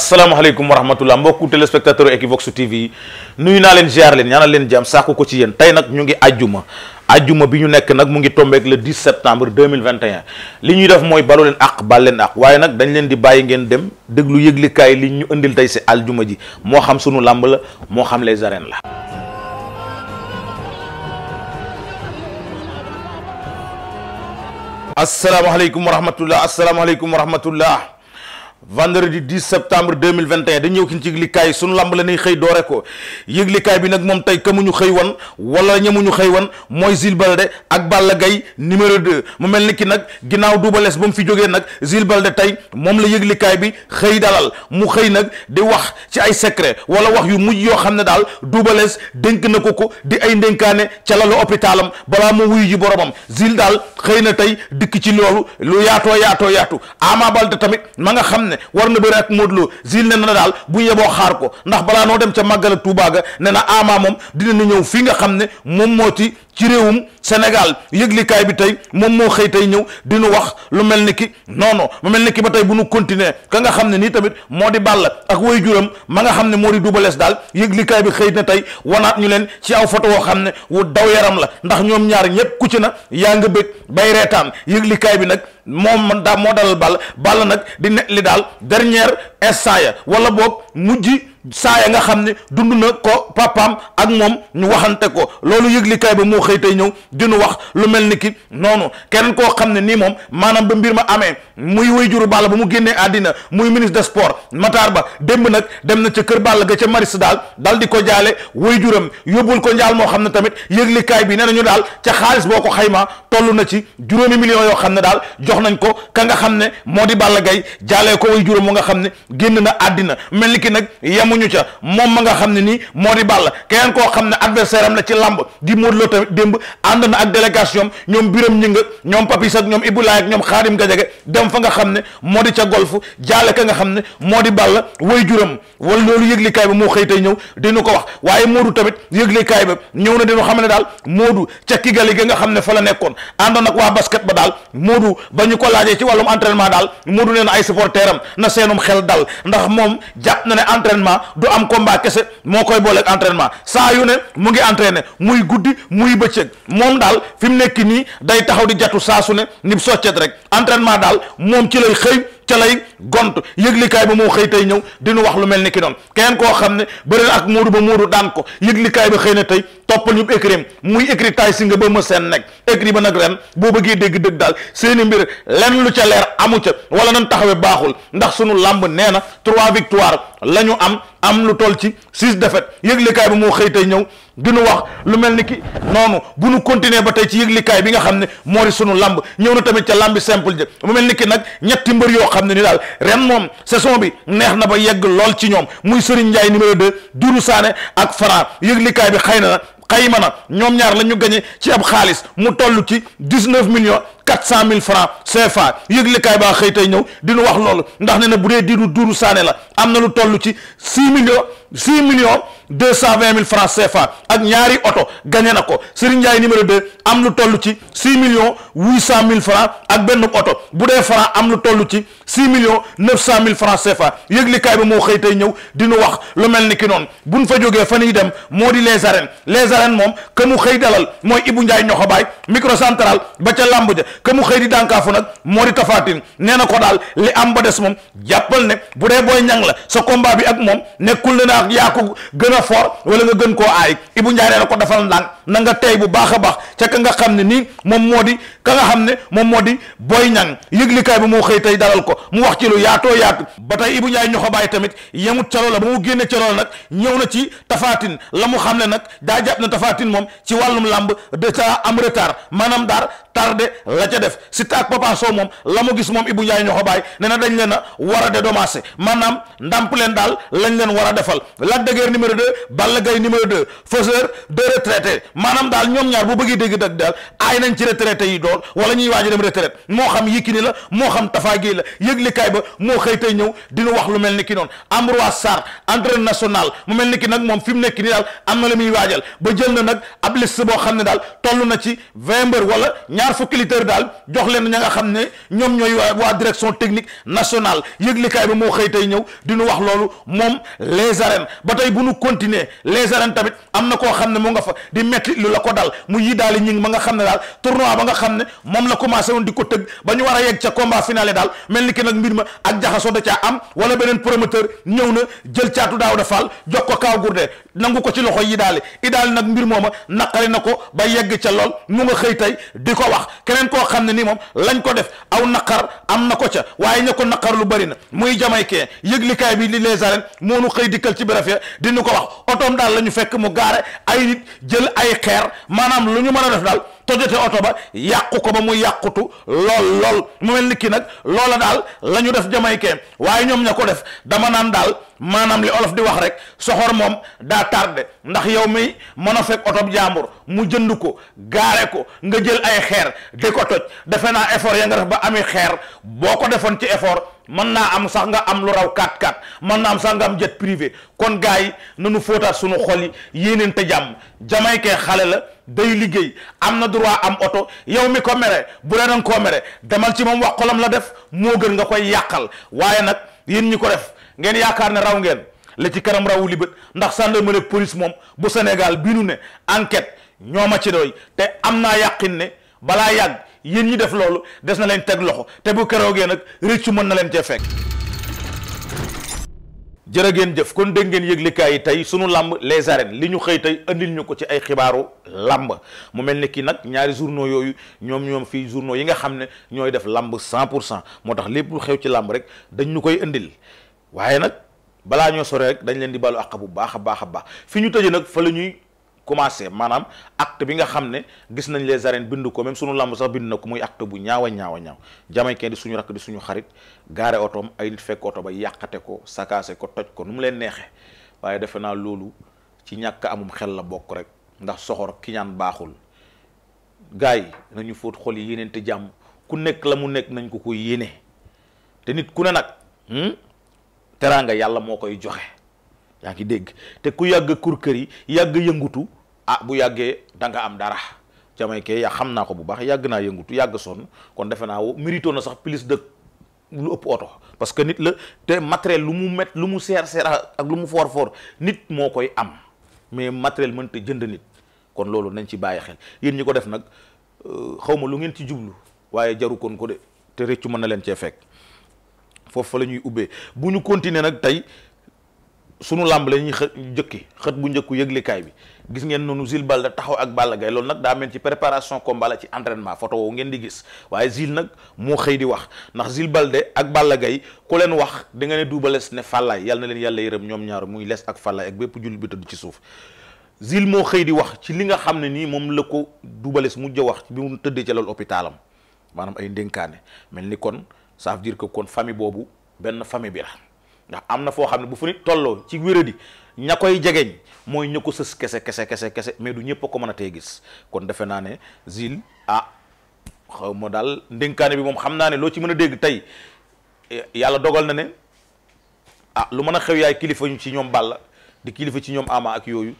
asalaamaaleykum wa rahmatullah mbokku téléspectateur Equivox TV nuyu naa leen ziar leen ñaanal leen jàmm sàkku ko ci yéen tey nag ñu ngi àjjuma àjjuma bi ñu nekk nag mu ngi tombeek le 10 septembre 2021 li ñuy def mooy balu leen àq bal leen àq waaye nag dañ leen di bàyyi ngeen dem déglu yëglikaay li ñu indil tey si àjjuma ji moo xam sunu làmb la moo xam les arènes la. asalaamaaleykum wa rahmatullah asalaamaaleykum wa rahmatullah vendredi 10 septembre 2021 dañ ñëw kin ci yëglikaay sunu lamb la ñuy xëy doore ko yëglikaay bi nag moom tey kamuñu xëy wan wala ñamuñu xëy wan mooy Zil Balde ak Balla Gaye numéro 2 mu mel ni ki nag ginnaaw dubalees ba mu fi jógee nag Zil Balde tey moom la yëglikaay bi xëy dalal mu xëy nag di wax ci ay secret wala wax yu mujj yoo xam ne daal dubalees dénk na ko ko di ay ndénkaane ca lalu hôpitalam balaa mu wuyu ji boromam Zil daal xëy na tey dikk ci loolu lu yaatoo yaatoo yaatu Ama Balde tamit ma nga xam ne war na bëri ak Modou Lo zil ne na daal bu yeboo xaar ko ndax balaa noo dem ca màggal Touba ga ne na ama moom dina ñu ñëw fii nga xam ne moom moo ci ci réewum Sénégal yëglikaay bi tey moom moo xëy tey ñëw di wax lu mel ni ki non non mu mel ni ki ba tey bu nu continuer ka nga xam ne nii tamit moo di bàll ak way juram ma nga xam ne moo di dubalees daal yëglikaay bi xëy na tey wanaat ñu leen ci aw photo woo xam ne wu daw yaram la ndax ñoom ñaar ñëpp ku ci na yaa nga bëgg bay reetaan yëglikaay bi nag moom daa moo dalal bàll bàll nag di net li daal dernière instant ya wala boog mujj saaya nga xam ne dund na ko papaam ak moom ñu waxante ko loolu yëglikaay ba moo xëy tey ñëw dinu wax lu mel ni ki noonu kenn koo xam ne nii moom maanaam ba mbir ma amee muy way juru Balla ba mu génnee àddina muy ministre de sport Matar Ba démb nag dem na ca kër Balla ga ca maris daal dal di ko jaale way juram yóbbul ko njaal moo xam ne tamit yëglikaay bi nee nañu daal ca xaalis boo ko xaymaa toll na ci juróomi million yoo xam ne daal jox nañ ko ka nga xam ne moo di Balla Gaye jaalee ko way juram mu nga xam ne génn na àddina mel ni ki nag ñu ca moom ma nga xam ne nii moo di Balla keneen koo xam ne adversaire am la ci lamb di Modou Lo tamit démb ànd ak délégation ñoom Biram Ñinga ñoom ñoom Ibou Laye ak ñoom Xaadim Gadiaga dem dem fa nga xam ne moo di ca golf jaale ka nga xam ne moo di bàll way juram wala loolu yëglikaay ba moo xëy tey ñëw dinu ko wax waaye moodu tamit yëglekaay ba ñëw na dinu xam ne daal moodu ca kigali ga nga xam ne fa la nekkoon àndoon ak waa basket ba daal moodu ba ñu ko laajee ci wàllum entraînement daal moodu nee na ay supporteram na seenum xel dal ndax moom jàpp na ne entraînement du am combat kese moo koy booleeg entraînement saa yu ne mu ngi entraîné muy guddi muy bëccëg moom daal fi mu nekk nii day taxaw di jatu saa su ne ni soccet rek entraînement daal moom ci lay xëy ca lay gont yëglikaay ba moo xëy wax lu mel ni ki noonu keneen xam ne bëri na ak Moodu na tey toppal ñu écrim muy tay nga ba ma seen nekk écrit ba nag ren boo bëggee dégg dëgg daal seeni mbir lenn lu ca leer amu ca wala nan taxawee baaxul ndax sunu làmb nee na trois victoire la am am lu toll ci six défaites yëglikaay ba moo xëy tey ñëw dinu wax lu mel ni ki noonu bu nu continuer ba tey ci yëglikaay bi nga xam ne moo di sunu làmb ñëw na tamit ca làmbi simple ja mu mel ni ki nag ñetti mbër yoo xam xam ne ni daal ren moom saison bi neex na ba yegg lool ci ñoom muy Serigne Ndiaye numéro 2 Doudou Sané ak Fara yëglikaay bi xay na ma na ñoom ñaar la ñu gañe ci ab xaalis mu toll ci dix-neuf millions quatre cent mille francs CFA yëglekaay baa xëy tey ñëw dinu wax loolu ndax ne na bu dee diiru Doudou Sané la am na lu toll ci six millions six millions deux cent vingt mille francs CFA ak ñaari oto gagné na ko Serigne Ndiaye numéro deux am lu toll ci six millions huit cent mille francs ak benn oto bu dee franc am lu toll ci six millions neuf cent mille francs CFA yëglikaay ba moo xëy tey ñëw dinu wax lu mel ni ki noonu buñ fa jógee fa ñuy dem moo di les arènes les arènes moom que xëy dalal mooy Ibou Ndiaye ñoxo baay micro central ba ca làmb ja que mu xëy di dànkaafu nag moo di tafaatin nee na ko daal li am ba des moom jàppal la sa a fort wala nga gën koo aay Ibou Ndiaye nee na ko defal ndànk na nga tey bu baax a baax ca ka nga xam ne nii moom moo di ka nga xam ne moom moo di Boy Niang yëglikaay bi moo xëy tey dalal ko mu wax ci lu yaatoo yaatu ba tey Ibou Ndiaye ñoxo bàyyi tamit yemut ca loola ba mu génne ca loola nag ñëw na ci tafaatin la mu xam ne nag daa jàpp na tafaatin moom ci wàllum làmb de ca am retard maanaam daar tardé la ca def Siteu ak Papa Sow moom la mu gis moom Ibou Ndiaye ñoo ko bàyyi dañ leen a war a dédommagé maanaam ndàmp leen daal lañ leen war defal Lac de Guiers numéro 2 Balla Gaye numéro 2 faiseur de retraité maanaam daal ñoom ñaar bu bëggee dégg dëgg daal aay nañ ci retraité yi doon wala ñuy waaj dem retraite moo xam Yékini la moo xam Tapha Guèye la yëglikaay ba moo xëy tey ñëw dinu wax lu mel ni ki noonu Ambroise Sarr entraîneur national mu mel ni ki nag moom fi mu nekk nii daal am la muy waajal ba jël na nag ab liste boo xam ne daal toll na ci vingt ñaar fukki litre daal jox leen ña nga xam ne ñoom ñooy waa direction technique nationale yëglikaay ba moo xëy tey ñëw di wax loolu moom les arènes ba tey bu nu continuer les arènes tamit am na koo xam ne mu nga fa di metti lu la ko dal mu yii daal ñi ngi ma nga xam ne daal tournoi ba nga xam ne moom la commencé woon di ko tëgg ba ñu war a yegg ca combat finale daal mel ni ki nag mbir ma ak jaxasoo da caa am wala beneen promoteur ñëw na jël caatu daaw dafaal jox ko kaaw gurde nangu ko ci loxo yi daali i daali nag mbir mooma naqari na ko ba yegg ca lool wax keneen koo xam ne nii moom lañ ko def aw naqar am na ko ca waaye ña ko naqar lu bëri na muy jamaykee yëglikaay bi li les moo nu xëy dikkal ci bérafia dina ko wax otoom daal la ñu fekk mu gaare ay nit jël ay xeer maanaam lu ñu mën a def daal tojate oto ba yàqu ko ba mu yàqutu lool lool mu mel ni kii nag loola daal la ñu def jamaykeen waaye ñoom ña ko def dama naan daal maanaam li olof di wax rek soxor moom daa tardé ndax yow mi mën a fekk oto jàmbur mu jënd ko gaare ko nga jël ay xeer di ko toj defe naa effort ya nga def ba ami xeer boo ko defoon ci effort mën naa am sax nga am lu raw 4-4 mën naa am sax nga am jet privé kon gars yi nanu fóotaat suñu xol yi yéeneen te jàmm jamay kay xale la day liggéey am na droit am oto yow mi ko mere bu dee danga koo mere demal ci moom wax xolam la def moo gën nga koy yàqal waaye nag yéen ñi ko def ngeen yaakaar ne raw ngeen la ci kanam rawu li bët ndax gendarmerie police moom bu Sénégal bii nu ne enquête ñoo ma ci doy te am naa yàqin ne balaa yàgg yéen ñi def loolu des na leen teg loxo te bu keroogee nag rëccu mën na leen cee fekk jërë ngeen jëf kon dégg ngeen yëglikaay yi tey suñu làmb les arènes li ñu xëy tey andil ñu ko ci ay xibaaru làmb mu mel ni kii nag ñaari journaux yooyu ñoom ñoom fii journaux yi nga xam ne ñooy def làmb cent pour cent moo tax lépp lu xew ci làmb rek dañ ñu koy indil waaye nag balaa ñoo sore rek dañ leen di baalu àq bu baax a baax a baax fi ñu tëjee nag fa la ñuy commencé maanaam acte bi nga xam ne gis nañ les arènes bind ko même suñu lamb sax bind na ko muy acte bu ñaaw a ñaaw a ñaaw jamaïcain di suñu rakk di suñu xarit gaare otoom ay nit fekk oto ba yàqate ko sakaase ko toj ko nu mu leen neexee waaye defe naa loolu ci ñàkk amum xel la bokk rek ndax soxor ki ñaan baaxul gars yi nañu fóot xol yi yéneen te jàmm ku nekk la mu nekk nañ ko ko yéene te nit ku ne nag hmm, teraanga yàlla moo koy joxe yaa ngi dégg te ku yàgg kër yi yàgg yëngutu ah bu yàggee danga am dara jamaykee yaa xam naa ko bu baax yàgg naa yëngutu yàgg soon kon defe naa mérito na sax plus de lu ëpp oto parce que nit la te matériel lu mu met lu mu seer seer ak lu mu foor foor nit moo koy am mais mën te jënd nit kon loolu nañ ci bàyyi xel yéen ñi ko def nag euh, xaw ma lu ngeen ci jublu waaye jaru koon ko de te rëccu mën na leen cee fekk foofu la ñuy ubbee bu ñu continuer nag tey sunu làmb la ñuy xë jëkki xët bu njëkku yëglikaay bi gis ngeen noonu Zil taxaw ak Balla Gaye loolu nag daa mel ci préparation combat la ci entraînement photo woowu ngeen di gis waaye Zil nag moo xëy di wax ndax Zil Bal de ak Balla gay ku leen wax di nga ne Double ne Fallaye yal na leen yàlla yërëm ñoom ñaar muy Less ak Fallaye ak bépp jullit bi tëdd ci suuf Zil moo xëy di wax ci li nga xam ne nii moom la ko Double Less mujj a wax bi mu tëddee ca loolu maanaam ay ndénkaane mel ni kon ça veut dire kon famille boobu benn famille bi ndax am na foo xam ne bu fu nit tolloo ci wéradi ña koy jegeñ mooy ña ko sës kese kese kese kese mais du ñëpp a ko mën a tey gis kon defe naa ne zil a xaw ma daal ndénkaane bi moom xam naa ne loo ci mën a dégg tey yàlla dogal na ne ah lu man a xew yaay kilifa ñu ci ñoom Balla di kilifa ci ñoom Ama ak yooyu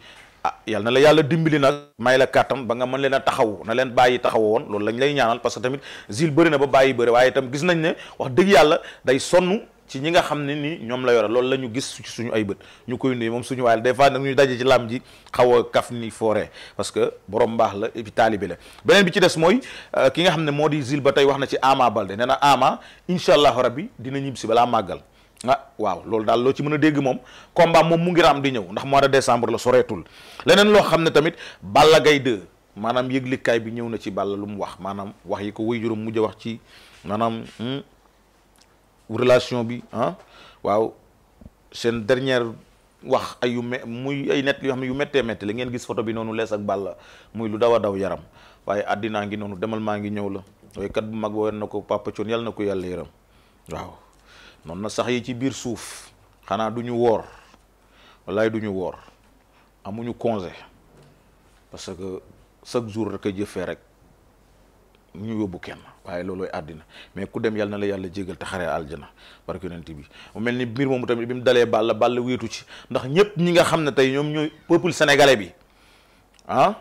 a yàlla na la yàlla dimbali nag may la kàttan ba nga mën leen a taxaw na leen bàyyi taxawoon loolu lañ lay ñaanal parce que tamit zil bëri na ba bàyyi bëri waaye itam gis nañ ne dëgg yàlla day sonn ci ñi nga xam ne ni ñoom la yore loolu la ñu gis ci suñu ay bët ñu koy nuyu moom suñu ñu des fois nag ñu daje ci làmb ji xaw a kaf ni foore parce que borom mbaax la et puis taalibe la beneen bi ci des mooy euh, ki nga xam ne moo di zil ba tey wax na ci Ama Balde nee na Ama incha allahu rabbi dina ñib si balaa màggal ah waaw loolu daal loo ci mën a dégg moom combat moom mu ngi am di ñëw ndax moo de décembre la soreetul leneen loo xam ne tamit bala gay 2 maanaam yëglikaay bi ñëw na ci Balla lu mu wax maanaam wax yi ko wéy juróom mujj wax ci maanaam hmm, relation bi ah waaw seen dernière wax ay yu me muy ay nett yoo xam ne yu méttee métti la ngeen gis photo bi noonu lees ak Balla muy lu daw a daw yaram waaye àddinaa ngi noonu demal maa ngi ñëw la woykat bu mag ba war na ko Papa Thione yàlla na ko yàlla yaram waaw noonu na sax yi ci biir suuf xanaa duñu woor wallaay duñu woor amuñu congé parce que chaque jour rek a jëfee rek ñu yóbbu kenn waaye loolooy àddina mais ku dem yàlla na la yàlla jégal te xaree aljana barke yonent bi mu mel ni mbir moomu tamit bi mu dalee Balla Balla wéetu ci ndax ñëpp ñi nga xam ne tey ñoom ñooy peuple sénégalais bi ah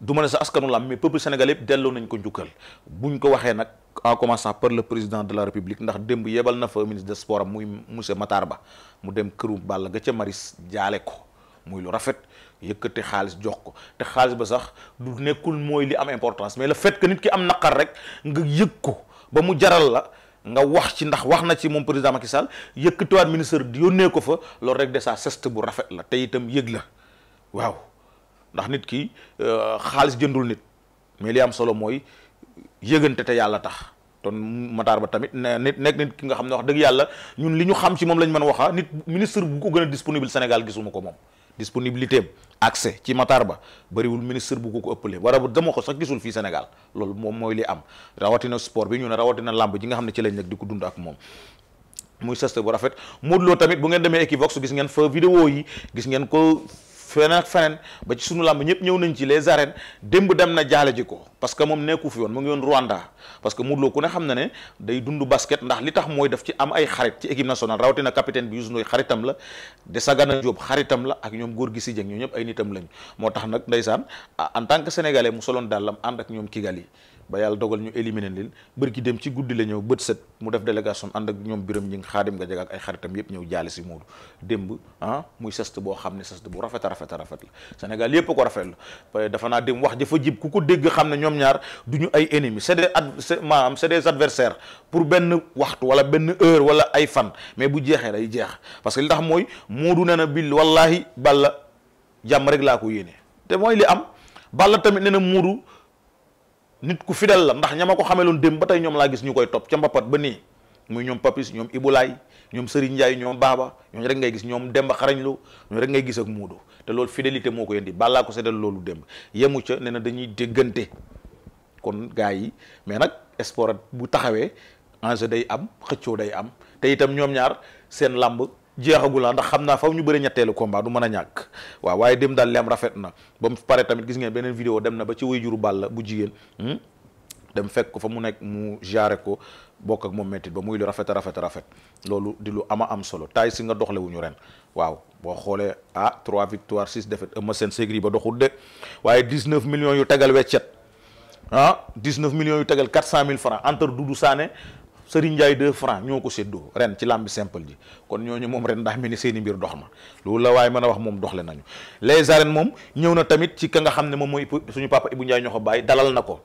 du ma ne sa askanu am mais peuple sénégalais yëpp delloo nañ ko njukkal buñ ko waxee nag en commençant par le président de la république ndax démb yebal na fa ministre de sport am muy monsieur Matar Ba mu dem këru Balla ga ca Maris jaale ko rafet yëkkati xaalis jox ko te xaalis ba sax du nekkul mooy li am importance mais la fet que nit ki am naqar rek nga yëg ko ba mu jaral la nga wax ci ndax wax na ci moom président Macky Sall yëkkatiwaat ministre di yónnee ko fa loolu rek de sa bu rafet la te itam yëg la waaw ndax nit ki euh, xaalis jëndul nit mais li am solo mooy yëgante te yàlla tax ton Matar Ba tamit ne nit nekk nit ki nga xam ne wax dëgg yàlla ñun li ñu xam ci moom lañ mën waxa nit ministre bu ko gën a disponible Sénégal gisuma ko moom disponibilité accès ci Matar Ba bëriwul ministre bu ko ëpp ko ëppalee wala dama ko sax gisul fii Sénégal loolu moom mooy li am rawatina sport bi ñu ne rawatina làmb ji nga xam ne ci lañ di ko dund ak moom. muy seste bu rafet mu Lo tamit bu ngeen demee Equivox gis ngeen fa vidéo yi gis ngeen ko. feneen ak feneen ba ci sunu làmb ñëpp ñëw nañ ci les arènes démb dem na jaale ji ko parce que moom nekku fi woon mu ngi woon Rwanda parce que Modou Lo ku ne xam na ne day dund basket ndax li tax mooy daf ci am ay xarit ci équipe nationale rawatina capitaine bi Youssou Ndoye xaritam la de a Diop xaritam la ak ñoom góor gi si jëng ñoo ñëpp ay nitam lañ moo tax nag ndeysaan ah, en tant que sénégalais mu soloon dàllam ànd ak ñoom Kigali ba yàlla dogal ñu éliminer leen bërki dem ci guddi la ñëw bët set mu def délégation ànd ak ñoom biram ñi xaadim nga jagaak ay xaritam yëpp ñëw jaale si Modou ah muy sest boo xam ne sest bu rafet a rafet a rafet la Sénégal yëpp a ko rafet la dafa naa dem wax jafa jib ku ko dégg xam ne ñoom ñaar du ñu ay ennemis c'est des ad maanaam c'est des adversaires pour benn waxtu wala benn heure wala ay fan mais bu jeexee day jeex parce que li tax mooy Modou nee na bil wallahi Balla jàmm rek laa ko yéene te mooy li am Balla tamit nee na nit ku fidèle la ndax ña ma ko xameloon dem ba tey ñoom laa gis ñu koy topp ca mbapat ba nii muy ñoom Papis ñoom Ibulaay ñoom Serigne Ndiaye ñoom Baba ñooñu rek ngay gis ñoom Demba xarañlu ñooñu rek ngay gis ak Moodu te loolu fidélité moo ko indi balaa ko seddal loolu démb yemu ca ne na dañuy déggante kon gars yi mais nag sport bu taxawee enjeu day am xëccoo day am te itam ñoom ñaar seen làmb jeexagula ah ndax xam naa faw ñu bëri ñetteelu ko combat du mën a ñàkk waaw waaye dem daal leem rafet na ba mu pare tamit gis ngeen beneen vidéo dem na ba ci wayjuru Balla bu jigéen hmm? dem fekk ko fa mu nekk mu jaare ko bokk ak moom mettit ba muy lu rafet rafet rafet loolu di lu ama am solo taay si nga doxle wu ñu ren waaw boo xoolee ah 3 victoire 6 défaites ëmma seen segri ba doxul de waaye 19 millions yu tegal weccet ah 19 millions yu tegal 400 000 francs entre Doudou Sané Serigne Ndiaye deux francs ñoo ko séddoo ren ci làmbi simple ji kon ñooñu moom ren daa mel ni seen i mbir dox na loolu la waaye mën a wax moom doxle nañu les arènes moom ñëw na tamit ci ka nga xam ne moom mooy suñu papa Ibou Ndiaye ñoo ko bàyyi dalal na ko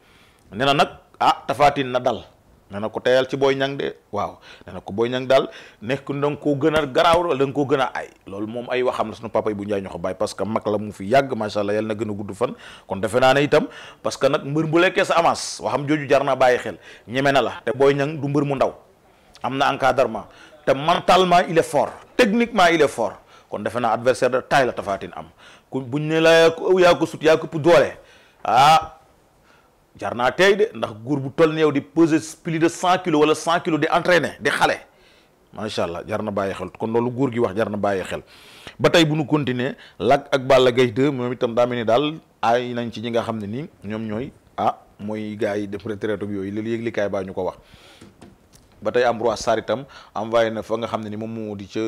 nee na nag ah tafaatin na dal nee na ko teyal ci booy ñang de waaw nee na ko booy ñang daal nekk da ko koo gën a garaaw wala da nga koo gën a ay loolu moom ay waxam la sunu papa yi bu njaay ñoo ko bàyyi parce que mag la mu fi yàgg macha na gën a gudd fan kon defe itam parce que nag mbër bu lekkee sa avance waxam jooju jar naa bàyyi xel ñeme na la te booy ñang du mbër mu ndaw am na encadrement te mentalement il est fort techniquement il est fort kon defe naa adversaire de taille la Tapha Tine am ku buñ ne la yaa ko sut yaa ko ëpp doole ah jar naa tey de ndax góor bu toll ne yow di peser plus de cent kilos wala cent kilos di entraîner di xale macha allah jar na bàyyi xel kon loolu góor gi wax jar na bàyyi xel ba tey bu nu continuer lakk ak Balla Gaye 2 moom itam daa mel ni daal ay nañ ci ñi nga xam ne nii ñoom ñooy ah mooy gars yi def retraite ak yooyu loolu yëglikaay baa ñu ko wax ba tey Ambroise Sarr itam envoyé na fa nga xam ne ni moom moo di ca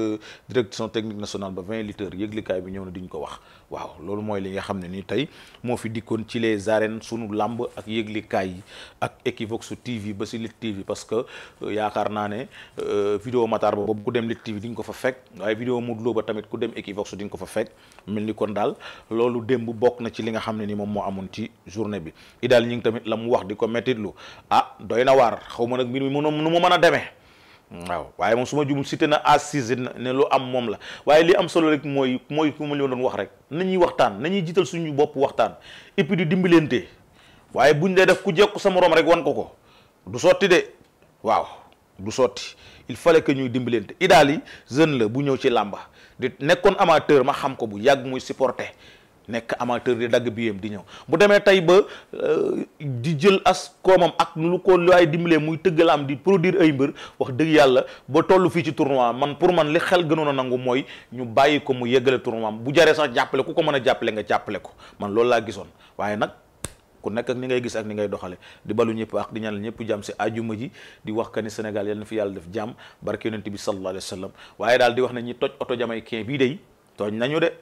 direction technique nationale ba 20 litres yëglikaay di ñu ko wax waaw ne ni tey moo fi dikkoon ci les arènes yi ba si Lit TV parce que euh, yaakaar naa ne euh, vidéo Matar ba boobu dem Lit TV di nga ko fa fekk waaye vidéo Modou Lo ba tamit ku dem Equivox di ko fa fekk mel ni kon daal loolu démb bokk na ci li nga xam ne ni moom moo amoon ci journée bi i daal ñi ngi tamit la mu wax di ko mettitlu ah doy na waar xaw ma nag mbir mi mënu mu mën demee waaw waaye moom su ma jumul cité na assise ne lu am moom la waaye li am solo rek mooy mooy ku ma leen doon wax rek nañuy waxtaan nañuy jiital suñu bopp waxtaan et puis di dimbalante waaye buñ dee def ku jekku sa morom rek wan ko ko du sotti de waaw du sotti il fallait que ñuy dimbalante idaal yi jeune la bu ñëw ci làmba di nekkoon amateur ma xam ko bu yàgg muy supporter nekk amateur di dagg biyam di ñëw bu demee tey ba euh, di jël as koomam ak nu lu ko laay dimbalee muy tëggalaam di produire ay mbër wax dëgg yàlla ba toll fii ci tournoi man pour man li xel gënoon nangu mooy ñu bàyyi ko mu yeggale tournoi bu jaree sax jàppale ku ko mën a jàppale nga jàppale ko man loolu laa gisoon waaye nag ku nekk ak ni ngay gis ak ni ngay doxale di balu ñëpp wax di ñaanal ñëpp jàmm si ajuma ji di wax ka ni Sénégal yal na fi yàlla def jàmm barke yonent bi sallallahu alayhi wa sallam waaye daal di wax ne ñi toj oto jamaïcain bii day de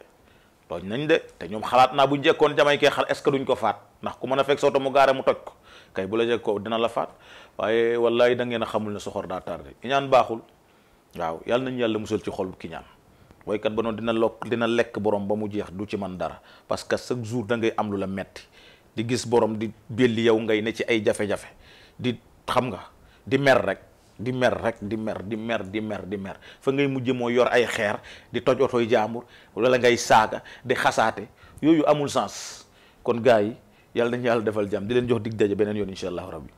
tooñ nañ de te ñoom xalaat naa bu jekkoon jamay kee xal est ce que duñ ko faat ndax ku mën a fekk soto mu gaare mu toj ko kay bu la jeg ko dina la faat waaye wallaay da ngeen a xamul ne soxor daa tardé iñaan baaxul waaw yàlla nañu yàlla musal ci xol kiñaan ñaan waykat ba noonu dina lokk dina lekk borom ba mu jeex du ci man dara parce que chaque jour dangay am lu la metti di gis borom di belli yow ngay ne ci ay jafe-jafe di xam nga di mer rek di mer rek di mer di mer di mer di mer fa ngay mujj moo yor ay xeer di toj otoy jaambur wala ngay saaka di xasaate yooyu amul sens kon gaa yi yàlla nañu yàlla defal jàmm di leen jox dig daje beneen yoon incha allahu yi